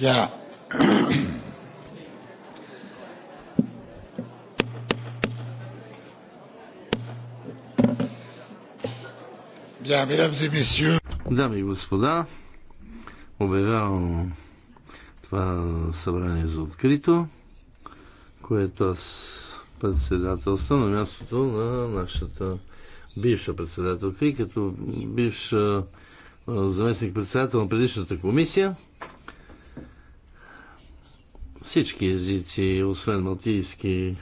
Ja. Ja, mesdames et messieurs. Дами и господа, обявявам това събрание за открито, което аз председателствам на мястото на нашата бивша председателка и като бивша заместник-председател на предишната комисия. Всички езици, освен малтийски,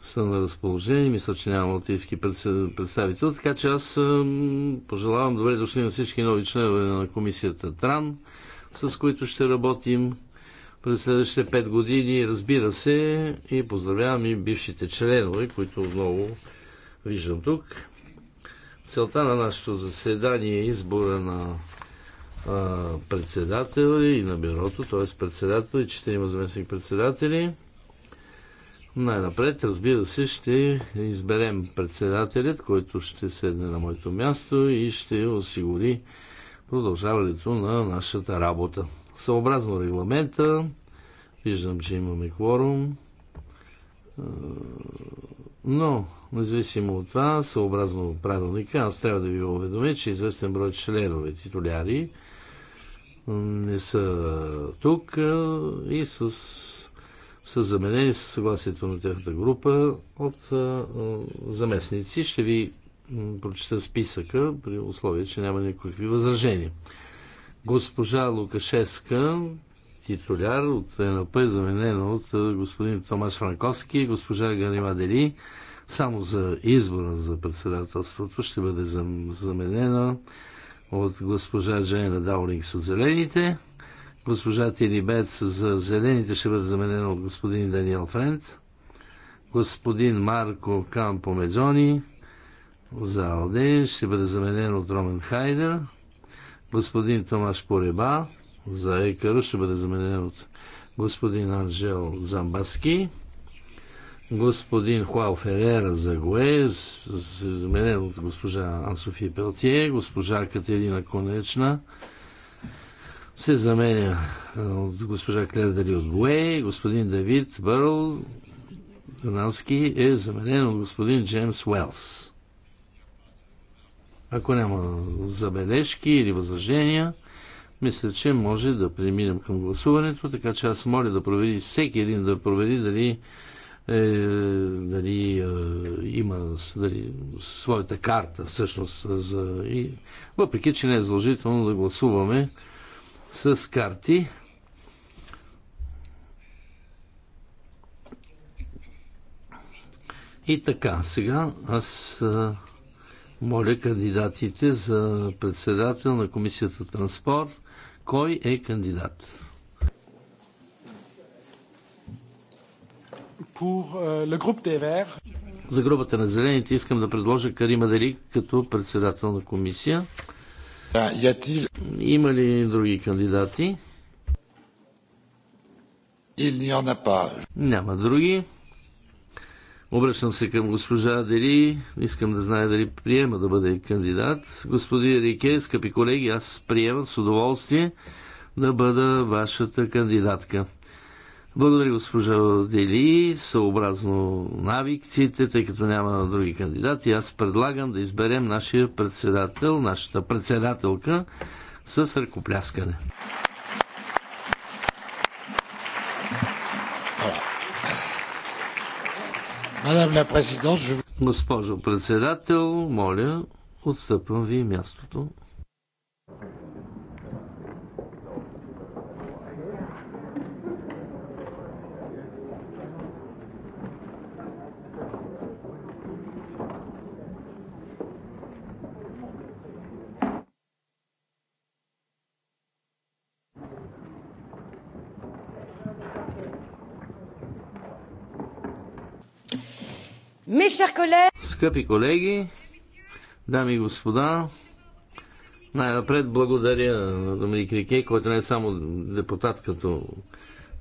са на разположение. Мисля, че няма малтийски представител. Така че аз пожелавам добре дошли на всички нови членове на комисията ТРАН, с които ще работим през следващите 5 години, разбира се, и поздравявам и бившите членове, които отново виждам тук. Целта на нашето заседание е избора на председател и на бюрото, т.е. председател и четирима заместник председатели. Най-напред, разбира се, ще изберем председателят, който ще седне на моето място и ще осигури продължаването на нашата работа. Съобразно регламента, виждам, че имаме кворум, но, независимо от това, съобразно правилника, аз трябва да ви уведомя, че известен брой членове, титуляри, не са тук и с, са заменени със съгласието на тяхната група от заместници. Ще ви прочета списъка при условие, че няма никакви възражения. Госпожа Лукашеска, титуляр от ЕНП, заменена от господин Томаш Франковски и госпожа Ганима Дели, само за избора за председателството ще бъде заменена от госпожа Джейна Даулингс от Зелените. Госпожа Бет за Зелените ще бъде заменена от господин Даниел Френт. Господин Марко Кампо Медзони за Алде ще бъде заменен от Ромен Хайдер. Господин Томаш Пореба за Екаро ще бъде заменен от господин Анжел Замбаски господин Хуал Ферера Загое, заменен от госпожа Ансофия Пелтие, госпожа Катерина Конечна, се заменя от госпожа Клер от Буе, господин Давид Бърл Гранански е заменен от господин Джеймс Уелс. Ако няма забележки или възражения, мисля, че може да преминем към гласуването, така че аз моля да провери, всеки един да провери дали е, дали, е, има дали, своята карта всъщност. За, и, въпреки, че не е задължително да гласуваме с карти. И така, сега аз е, моля кандидатите за председател на комисията Транспорт. Кой е кандидат? Euh, За групата на зелените искам да предложа Карима Дали като председател на комисия. Има ли други кандидати? Няма други. Обръщам се към госпожа Дели. Искам да знае дали приема да бъде кандидат. Господин Рике, скъпи колеги, аз приемам с удоволствие да бъда вашата кандидатка. Благодаря, госпожа Дели. Съобразно навикците, тъй като няма други кандидати, аз предлагам да изберем нашия председател, нашата председателка с ръкопляскане. Госпожо председател, моля, отстъпвам ви мястото. Скъпи колеги, дами и господа, най-напред благодаря на Доминик Рикей, който не е само депутат, като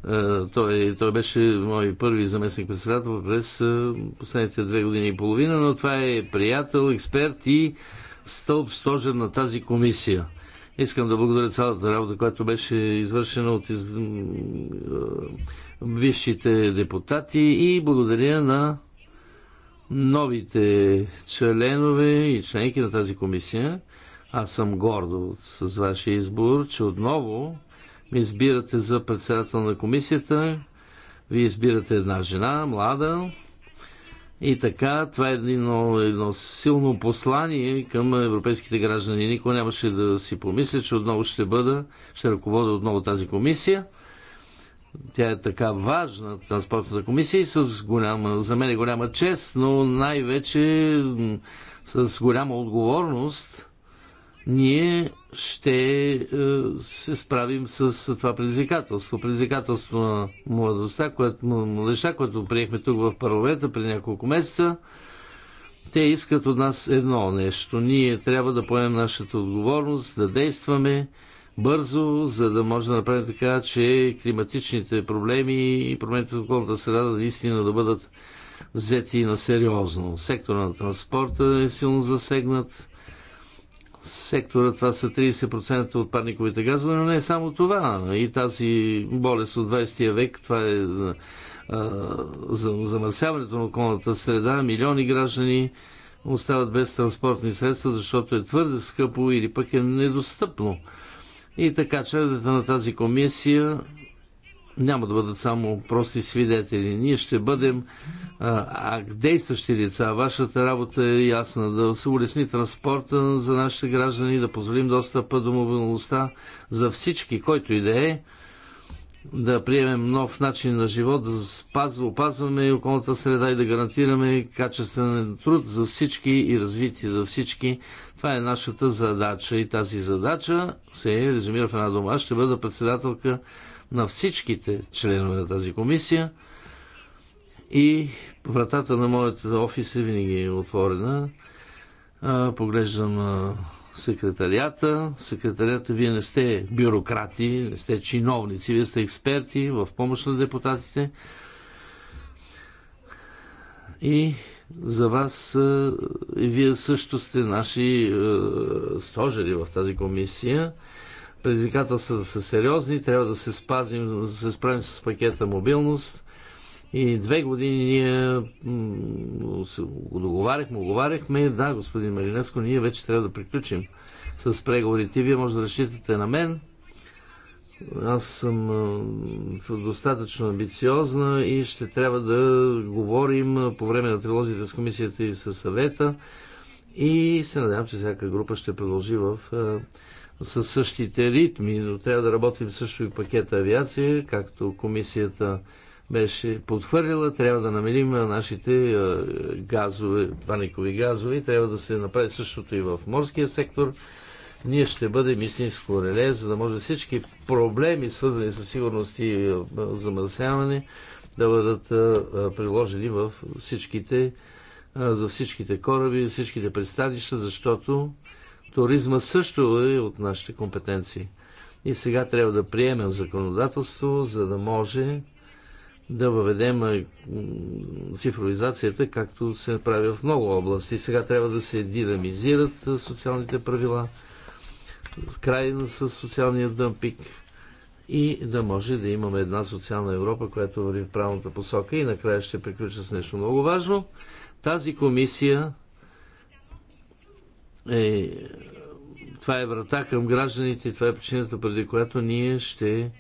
е, той, той беше мой първи заместник председател през е, последните две години и половина, но това е приятел, експерт и стълб стожер на тази комисия. Искам да благодаря цялата работа, която беше извършена от из... Е, бившите депутати и благодаря на новите членове и членки на тази комисия. Аз съм гордо с вашия избор, че отново ме избирате за председател на комисията. Вие избирате една жена, млада. И така, това е едно, едно силно послание към европейските граждани. Никой нямаше да си помисля, че отново ще бъда, ще ръководя отново тази комисия. Тя е така важна, Транспортната комисия, и с голяма, за мен е голяма чест, но най-вече с голяма отговорност ние ще е, се справим с това предизвикателство. Предизвикателство на младостта, което, младеща, което приехме тук в парламента преди няколко месеца. Те искат от нас едно нещо. Ние трябва да поемем нашата отговорност, да действаме бързо, за да може да направим така, че климатичните проблеми и промените в околната среда наистина да бъдат взети на сериозно. Сектора на транспорта е силно засегнат. Сектора това са 30% от парниковите газове, но не е само това. И тази болест от 20 век, това е за замърсяването на околната среда, милиони граждани остават без транспортни средства, защото е твърде скъпо или пък е недостъпно. И така членовете на тази комисия няма да бъдат само прости свидетели. Ние ще бъдем а, а, действащи лица. Вашата работа е ясна. Да се улесни транспорта за нашите граждани, да позволим достъпа до мобилността за всички, който и да е да приемем нов начин на живот, да спазва, опазваме околната среда и да гарантираме качествен труд за всички и развитие за всички. Това е нашата задача и тази задача се резюмира в една дума. Аз ще бъда председателка на всичките членове на тази комисия и вратата на моята офис е винаги отворена. Поглеждам секретарията. Секретарията, вие не сте бюрократи, не сте чиновници, вие сте експерти в помощ на депутатите. И за вас, е, и вие също сте наши е, стожери в тази комисия. Предизвикателствата са сериозни, трябва да се, спазим, да се справим с пакета мобилност – и две години ние договаряхме, оговаряхме. Да, господин Маринеско, ние вече трябва да приключим с преговорите. Вие може да разчитате на мен. Аз съм достатъчно амбициозна и ще трябва да говорим по време на трилозите с комисията и с съвета. И се надявам, че всяка група ще продължи в със същите ритми, но трябва да работим също и пакета авиация, както комисията беше подхвърлила, трябва да намерим нашите е, газове, паникови газове и трябва да се направи същото и в морския сектор. Ние ще бъдем истинско реле, за да може всички проблеми, свързани с сигурност и е, замърсяване, да бъдат е, приложени в всичките, за всичките кораби, всичките пристанища, защото туризма също е от нашите компетенции. И сега трябва да приемем законодателство, за да може да въведем цифровизацията, както се прави в много области. Сега трябва да се динамизират социалните правила, край с социалния дъмпик и да може да имаме една социална Европа, която върви в правилната посока. И накрая ще приключа с нещо много важно. Тази комисия е... Това е врата към гражданите, това е причината, преди която ние ще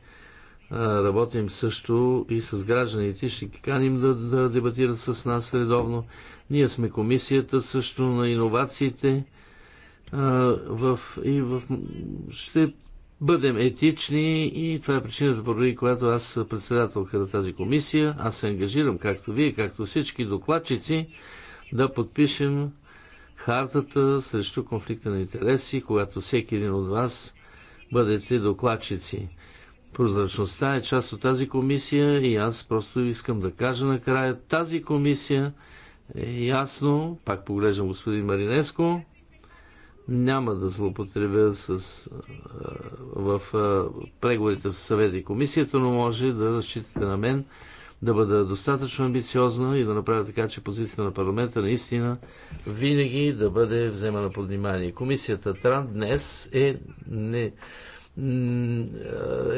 Работим също и с гражданите. Ще ги каним да, да дебатират с нас редовно. Ние сме комисията също на иновациите. В, и в, ще бъдем етични и това е причината, поради която аз председателка на тази комисия. Аз се ангажирам, както вие, както всички докладчици, да подпишем хартата срещу конфликта на интереси, когато всеки един от вас бъдете докладчици. Прозрачността е част от тази комисия и аз просто искам да кажа накрая, тази комисия е ясно, пак поглеждам господин Маринеско, няма да злоупотребя с, в преговорите с съвета и комисията, но може да разчитате на мен да бъда достатъчно амбициозна и да направя така, че позицията на парламента наистина винаги да бъде вземана под внимание. Комисията Тран днес е не е,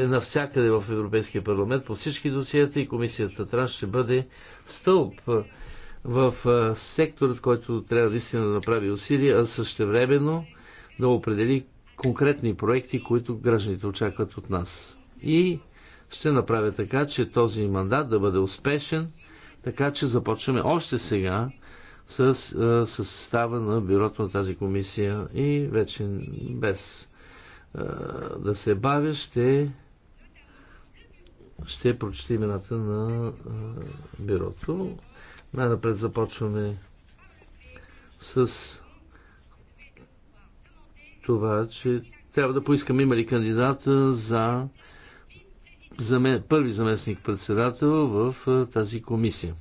е навсякъде в Европейския парламент по всички досиета и комисията Тран ще бъде стълб е, в е, секторът, който трябва наистина да направи усилия, а същевременно да определи конкретни проекти, които гражданите очакват от нас. И ще направя така, че този мандат да бъде успешен, така че започваме още сега с състава на бюрото на тази комисия и вече без да се бавя, ще, ще прочета имената на бюрото. Най-напред започваме с това, че трябва да поискаме има ли кандидата за първи заместник председател в тази комисия.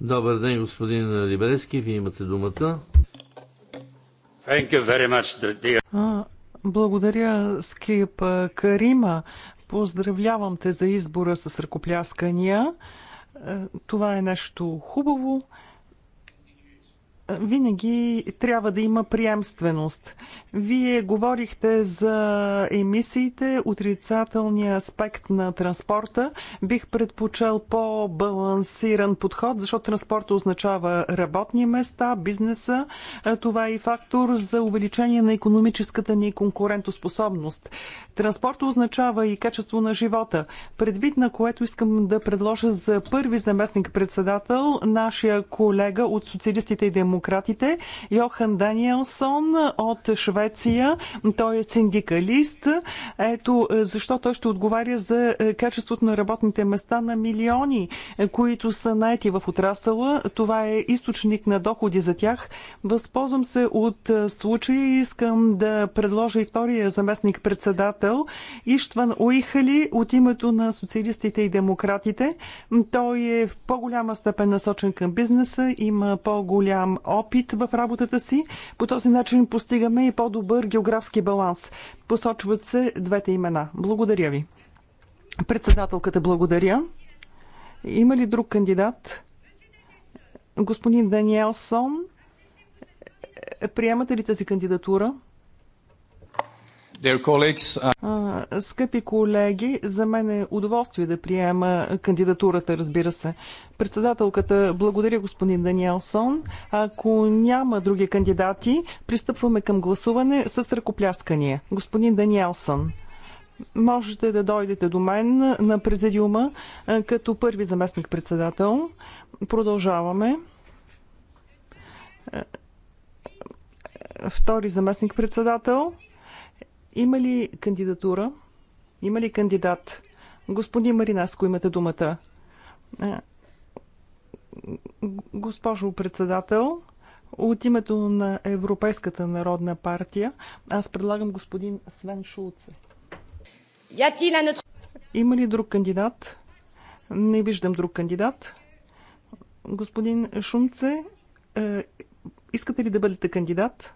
Добър ден, господин Либерески, вие имате думата. Much, благодаря, Скип Карима. Поздравлявам те за избора с ръкопляскания. Това е нещо хубаво винаги трябва да има приемственост. Вие говорихте за емисиите, отрицателния аспект на транспорта. Бих предпочел по-балансиран подход, защото транспорта означава работни места, бизнеса. Това е и фактор за увеличение на економическата ни конкурентоспособност. Транспорта означава и качество на живота, предвид на което искам да предложа за първи заместник председател нашия колега от социалистите и демократите демократите, Йохан Даниелсон от Швеция. Той е синдикалист. Ето е, защо той ще отговаря за е, качеството на работните места на милиони, е, които са найти в отрасъла. Това е източник на доходи за тях. Възползвам се от случая и искам да предложа и втория заместник председател Иштван Уихали от името на социалистите и демократите. Той е в по-голяма степен насочен към бизнеса, има по-голям опит в работата си. По този начин постигаме и по-добър географски баланс. Посочват се двете имена. Благодаря ви. Председателката благодаря. Има ли друг кандидат? Господин Даниелсон, приемате ли тази кандидатура? Uh, скъпи колеги, за мен е удоволствие да приема кандидатурата, разбира се. Председателката, благодаря господин Даниелсон. Ако няма други кандидати, пристъпваме към гласуване с ръкопляскания. Господин Даниелсон, можете да дойдете до мен на президиума като първи заместник-председател. Продължаваме втори заместник-председател. Има ли кандидатура? Има ли кандидат? Господин Маринаско, имате думата. Госпожо председател, от името на Европейската народна партия аз предлагам господин Свен Шулце. Има ли друг кандидат? Не виждам друг кандидат. Господин Шумце, е, искате ли да бъдете кандидат?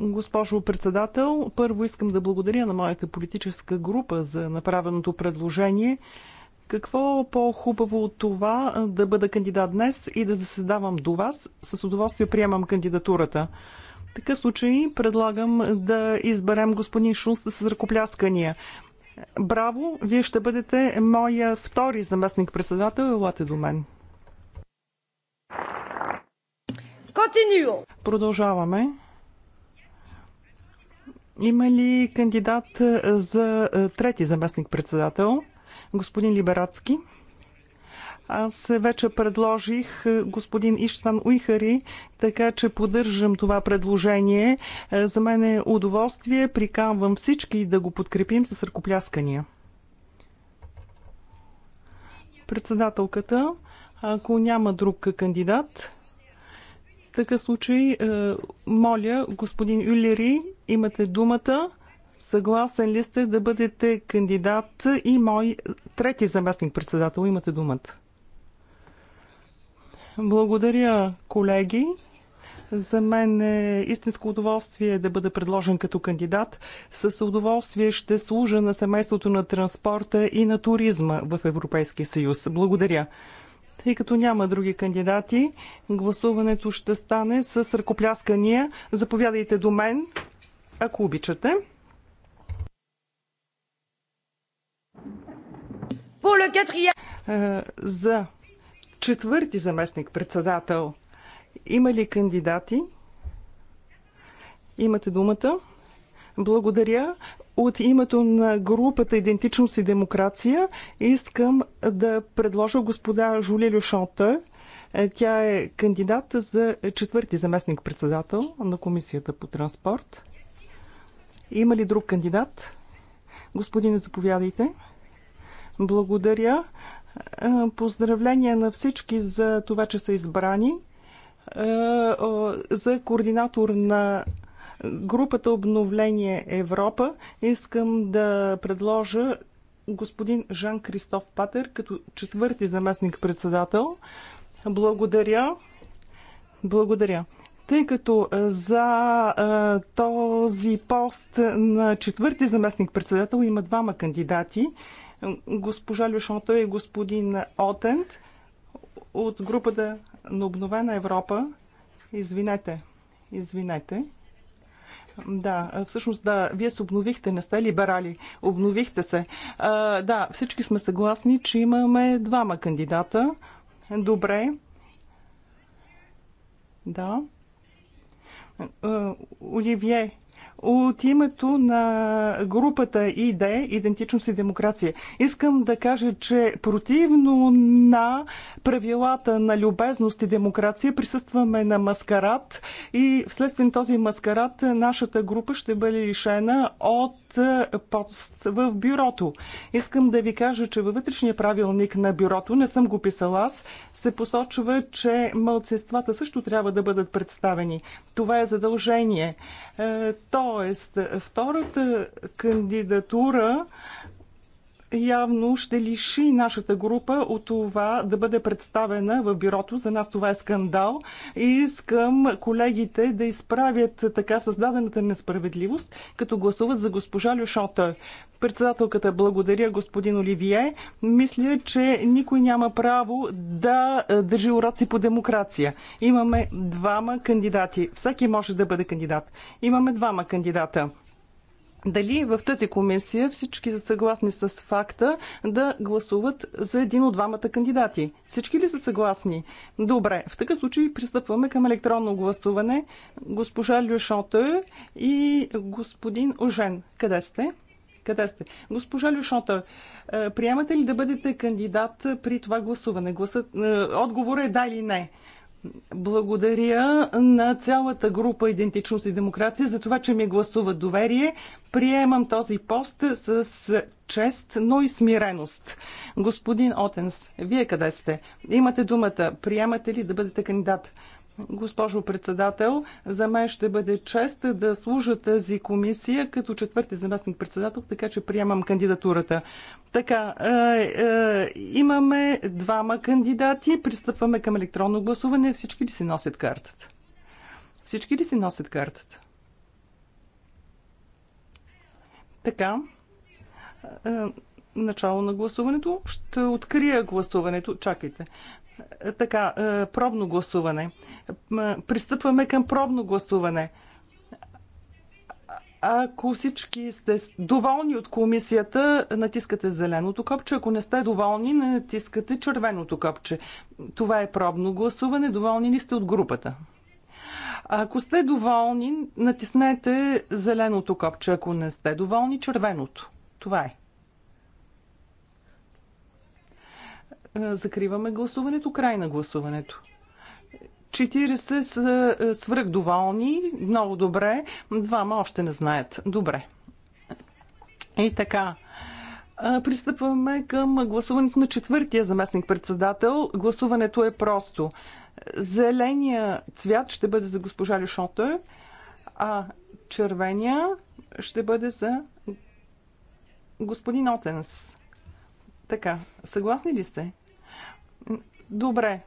Госпожо председател, първо искам да благодаря на моята политическа група за направеното предложение. Какво по-хубаво от това да бъда кандидат днес и да заседавам до вас? С удоволствие приемам кандидатурата. В такъв случай предлагам да изберем господин Шунс с ръкопляскания. Браво, вие ще бъдете моя втори заместник-председател. Елате до мен. Continue. Продължаваме. Има ли кандидат е, за е, трети заместник-председател? Господин Либерацки. Аз вече предложих е, господин Иштван Уихари, така че поддържам това предложение. За мен е удоволствие. Приканвам всички да го подкрепим с ръкопляскания. Председателката, ако няма друг кандидат, такъв случай, е, моля, господин Юлери, имате думата. Съгласен ли сте да бъдете кандидат и мой трети заместник-председател? Имате думата. Благодаря, колеги. За мен е истинско удоволствие да бъда предложен като кандидат. С удоволствие ще служа на семейството на транспорта и на туризма в Европейския съюз. Благодаря. Тъй като няма други кандидати, гласуването ще стане с ръкопляскания. Заповядайте до мен, ако обичате. Е, за четвърти заместник председател има ли кандидати? Имате думата. Благодаря. От името на групата Идентичност и демокрация искам да предложа господа Жули Люшонта. Тя е кандидат за четвърти заместник-председател на Комисията по транспорт. Има ли друг кандидат? Господине, заповядайте. Благодаря. Е, поздравления на всички за това, че са избрани. Е, за координатор на Групата Обновление Европа искам да предложа господин Жан Кристоф Патер като четвърти заместник председател. Благодаря. Благодаря тъй като за а, този пост на четвърти заместник председател има двама кандидати госпожа Люшонто и господин Отент от групата на Обновена Европа. Извинете, извинете. Да, всъщност да, вие се обновихте, не сте либерали, обновихте се. А, да, всички сме съгласни, че имаме двама кандидата. Добре. Да. Оливие от името на групата ИД, Идентичност и демокрация. Искам да кажа, че противно на правилата на любезност и демокрация присъстваме на маскарад и вследствие на този маскарад нашата група ще бъде лишена от пост в бюрото. Искам да ви кажа, че във вътрешния правилник на бюрото, не съм го писала аз, се посочва, че мълцинствата също трябва да бъдат представени. Това е задължение. Е, тоест, втората кандидатура явно ще лиши нашата група от това да бъде представена в бюрото. За нас това е скандал. И искам колегите да изправят така създадената несправедливост, като гласуват за госпожа Люшота. Председателката благодаря господин Оливие. Мисля, че никой няма право да е, държи уроци по демокрация. Имаме двама кандидати. Всеки може да бъде кандидат. Имаме двама кандидата дали в тази комисия всички са съгласни с факта да гласуват за един от двамата кандидати? Всички ли са съгласни? Добре, в такъв случай пристъпваме към електронно гласуване. Госпожа Люшота и господин Ожен, къде сте? Къде сте? Госпожа Люшота, е, приемате ли да бъдете кандидат при това гласуване? Гласът, е, отговор е да или не. Благодаря на цялата група Идентичност и демокрация за това, че ми гласува доверие. Приемам този пост с чест, но и смиреност. Господин Отенс, вие къде сте? Имате думата. Приемате ли да бъдете кандидат? Госпожо председател, за мен ще бъде чест да служа тази комисия като четвърти заместник председател, така че приемам кандидатурата. Така, е, е, имаме двама кандидати, пристъпваме към електронно гласуване. Всички ли си носят картата? Всички ли си носят картата? Така, е, начало на гласуването. Ще открия гласуването. Чакайте. Така, пробно гласуване. Пристъпваме към пробно гласуване. Ако всички сте доволни от комисията, натискате зеленото копче. Ако не сте доволни, натискате червеното копче. Това е пробно гласуване. Доволни ли сте от групата? Ако сте доволни, натиснете зеленото копче. Ако не сте доволни, червеното. Това е. е закриваме гласуването. Край на гласуването. 40 са е, свръхдоволни, много добре, двама още не знаят. Добре. И така. Е, пристъпваме към гласуването на четвъртия заместник-председател. Гласуването е просто. Зеления цвят ще бъде за госпожа Лешота, а червения ще бъде за господин Отенс. Така, съгласни ли сте? Добре,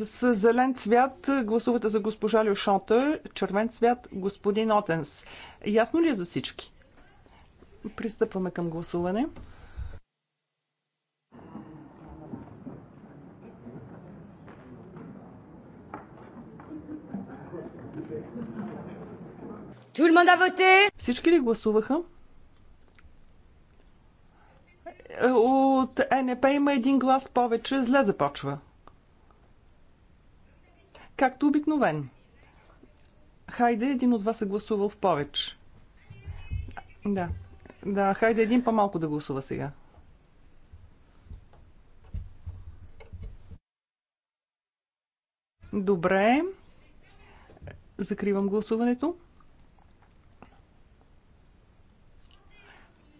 с зелен цвят гласувате за госпожа Люшонта, червен цвят господин Отенс. Ясно ли е за всички? Пристъпваме към гласуване. Всички ли гласуваха? От НП има един глас повече. Зле започва. Както обикновен. Хайде, един от вас е гласувал в повече. Да. Да, хайде един по-малко да гласува сега. Добре. Закривам гласуването.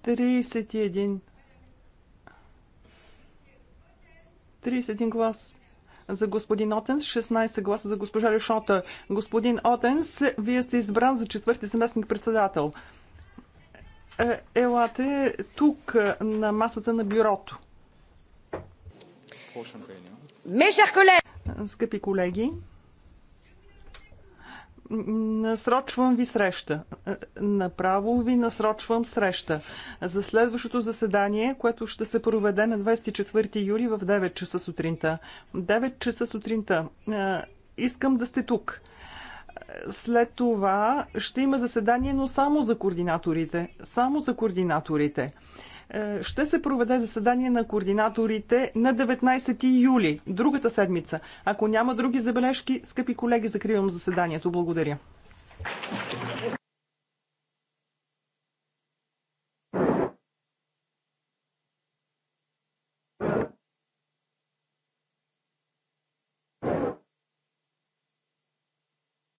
31 31 глас за господин Отенс, 16 гласа за госпожа Решота. Господин Отенс, вие сте избран за четвърти заместник председател. Е, елате тук е, на масата на бюрото. Скъпи колеги, Насрочвам ви среща. Направо ви насрочвам среща. За следващото заседание, което ще се проведе на 24 юли в 9 часа сутринта. 9 часа сутринта. Е, искам да сте тук. След това ще има заседание, но само за координаторите. Само за координаторите ще се проведе заседание на координаторите на 19 юли, другата седмица. Ако няма други забележки, скъпи колеги, закривам заседанието. Благодаря.